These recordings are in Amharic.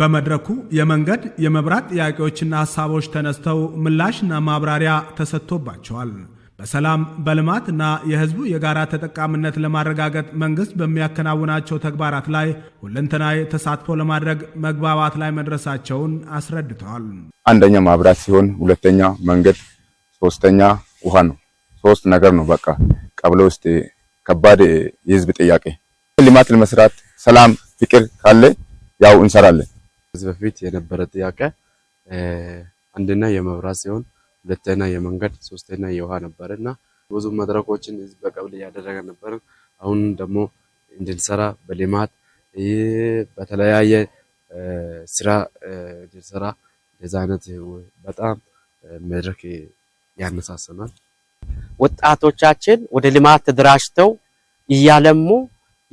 በመድረኩ የመንገድ የመብራት ጥያቄዎችና ሀሳቦች ተነስተው ምላሽና ማብራሪያ ተሰጥቶባቸዋል። በሰላም በልማትና የሕዝቡ የጋራ ተጠቃሚነት ለማረጋገጥ መንግስት በሚያከናውናቸው ተግባራት ላይ ሁለንተናዊ ተሳትፎ ለማድረግ መግባባት ላይ መድረሳቸውን አስረድተዋል። አንደኛ ማብራት ሲሆን፣ ሁለተኛ መንገድ፣ ሶስተኛ ውሃ ነው። ሶስት ነገር ነው በቃ ቀብለ ውስጥ ከባድ የህዝብ ጥያቄ ልማት ለመስራት ሰላም፣ ፍቅር ካለ ያው እንሰራለን ከዚህ በፊት የነበረ ጥያቄ አንደኛ የመብራት ሲሆን ሁለተኛ የመንገድ ሶስተኛ የውሃ ነበር እና ብዙ መድረኮችን ህዝብ በቀብል እያደረገ ነበር። አሁን ደግሞ እንድንሰራ በልማት በተለያየ ስራ እንድንሰራ እንደዛ አይነት በጣም መድረክ ያነሳሰናል። ወጣቶቻችን ወደ ልማት ተደራጅተው እያለሙ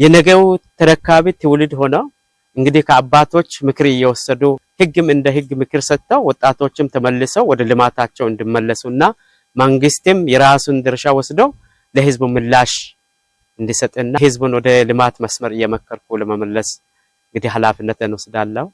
የነገው ተረካቢ ትውልድ ሆነው እንግዲህ ከአባቶች ምክር እየወሰዱ ህግም እንደ ህግ ምክር ሰጥተው ወጣቶችም ተመልሰው ወደ ልማታቸው እንዲመለሱና መንግስትም የራሱን ድርሻ ወስደው ለህዝቡ ምላሽ እንዲሰጥና ህዝቡን ወደ ልማት መስመር እየመከርኩ ለመመለስ እንግዲህ ኃላፊነትን ወስዳለሁ።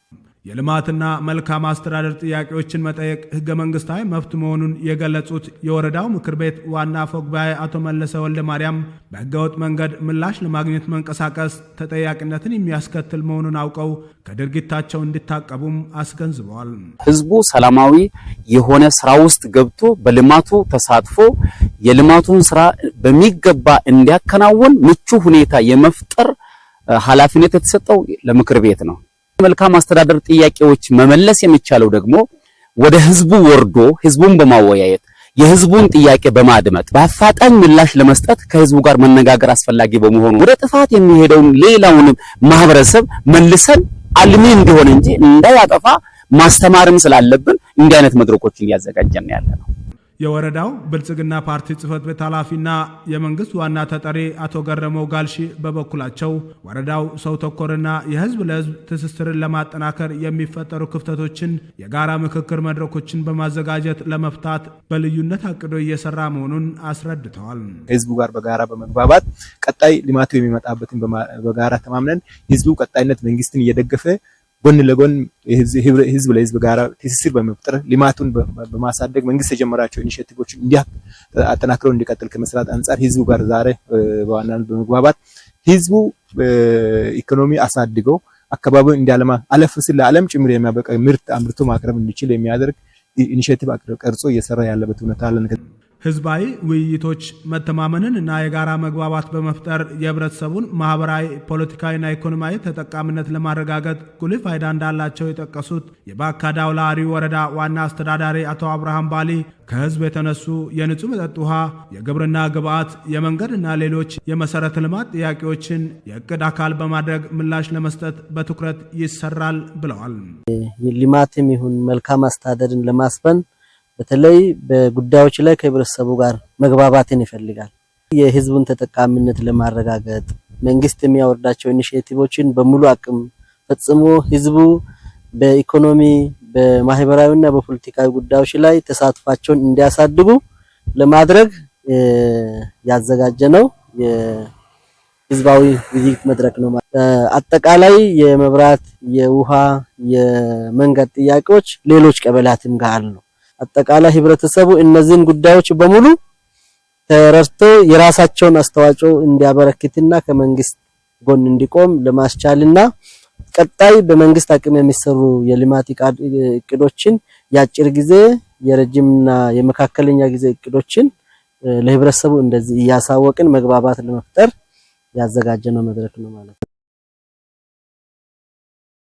የልማትና መልካም አስተዳደር ጥያቄዎችን መጠየቅ ህገ መንግስታዊ መብት መሆኑን የገለጹት የወረዳው ምክር ቤት ዋና አፈ ጉባኤ አቶ መለሰ ወልደ ማርያም በህገወጥ መንገድ ምላሽ ለማግኘት መንቀሳቀስ ተጠያቂነትን የሚያስከትል መሆኑን አውቀው ከድርጊታቸው እንዲታቀቡም አስገንዝበዋል። ህዝቡ ሰላማዊ የሆነ ስራ ውስጥ ገብቶ በልማቱ ተሳትፎ የልማቱን ስራ በሚገባ እንዲያከናውን ምቹ ሁኔታ የመፍጠር ኃላፊነት የተሰጠው ለምክር ቤት ነው። መልካም አስተዳደር ጥያቄዎች መመለስ የሚቻለው ደግሞ ወደ ህዝቡ ወርዶ ህዝቡን በማወያየት የህዝቡን ጥያቄ በማድመጥ በአፋጣኝ ምላሽ ለመስጠት ከህዝቡ ጋር መነጋገር አስፈላጊ በመሆኑ ወደ ጥፋት የሚሄደውን ሌላውን ማህበረሰብ መልሰን አልሚ እንዲሆን እንጂ እንዳያጠፋ ማስተማርም ስላለብን እንዲህ አይነት መድረኮችን እያዘጋጀን ያለ ነው። የወረዳው ብልጽግና ፓርቲ ጽህፈት ቤት ኃላፊና የመንግስት ዋና ተጠሪ አቶ ገረመው ጋልሺ በበኩላቸው ወረዳው ሰው ተኮርና የህዝብ ለህዝብ ትስስርን ለማጠናከር የሚፈጠሩ ክፍተቶችን የጋራ ምክክር መድረኮችን በማዘጋጀት ለመፍታት በልዩነት አቅዶ እየሰራ መሆኑን አስረድተዋል። ህዝቡ ጋር በጋራ በመግባባት ቀጣይ ልማቱ የሚመጣበትን በጋራ ተማምነን ህዝቡ ቀጣይነት መንግስትን እየደገፈ ጎን ለጎን ህዝብ ለህዝብ ጋር ትስስር በመፍጠር ልማቱን በማሳደግ መንግስት የጀመራቸው ኢኒሼቲቮችን እንዲያ አጠናክረው እንዲቀጥል ከመስራት አንጻር ህዝቡ ጋር ዛሬ በዋናነት በመግባባት ህዝቡ ኢኮኖሚ አሳድገው አካባቢውን እንዲያለማ አለፍ ሲል ለዓለም ጭምር የሚያበቃ ምርት አምርቶ ማቅረብ እንዲችል የሚያደርግ ኢኒሼቲቭ ቀርጾ እየሰራ ያለበት ሁኔታ አለን። ህዝባዊ ውይይቶች መተማመንን እና የጋራ መግባባት በመፍጠር የህብረተሰቡን ማህበራዊ፣ ፖለቲካዊና ኢኮኖሚያዊ ተጠቃሚነት ለማረጋገጥ ጉልህ ፋይዳ እንዳላቸው የጠቀሱት የባካዳውላሪ ወረዳ ዋና አስተዳዳሪ አቶ አብርሃም ባሊ ከህዝብ የተነሱ የንጹህ መጠጥ ውሃ፣ የግብርና ግብዓት፣ የመንገድና ሌሎች የመሰረተ ልማት ጥያቄዎችን የእቅድ አካል በማድረግ ምላሽ ለመስጠት በትኩረት ይሰራል ብለዋል። ልማትም ይሁን መልካም አስተዳደርን ለማስፈን በተለይ በጉዳዮች ላይ ከህብረተሰቡ ጋር መግባባትን ይፈልጋል። የህዝቡን ተጠቃሚነት ለማረጋገጥ መንግስት የሚያወርዳቸው ኢኒሽቲቮችን በሙሉ አቅም ፈጽሞ ህዝቡ በኢኮኖሚ በማህበራዊ በፖለቲካዊ ጉዳዮች ላይ ተሳትፏቸውን እንዲያሳድጉ ለማድረግ ያዘጋጀ ነው የህዝባዊ ውይይት መድረክ ነው። አጠቃላይ የመብራት፣ የውሃ፣ የመንገድ ጥያቄዎች ሌሎች ቀበላትም ጋር አሉ። አጠቃላይ ህብረተሰቡ እነዚህን ጉዳዮች በሙሉ ተረድቶ የራሳቸውን አስተዋጽኦ እንዲያበረክትና ከመንግስት ጎን እንዲቆም ለማስቻልና ቀጣይ በመንግስት አቅም የሚሰሩ የልማት እቅዶችን የአጭር ጊዜ የረጅምና የመካከለኛ ጊዜ እቅዶችን ለህብረተሰቡ እንደዚህ እያሳወቅን መግባባት ለመፍጠር ያዘጋጀነው መድረክ ነው ማለት ነው።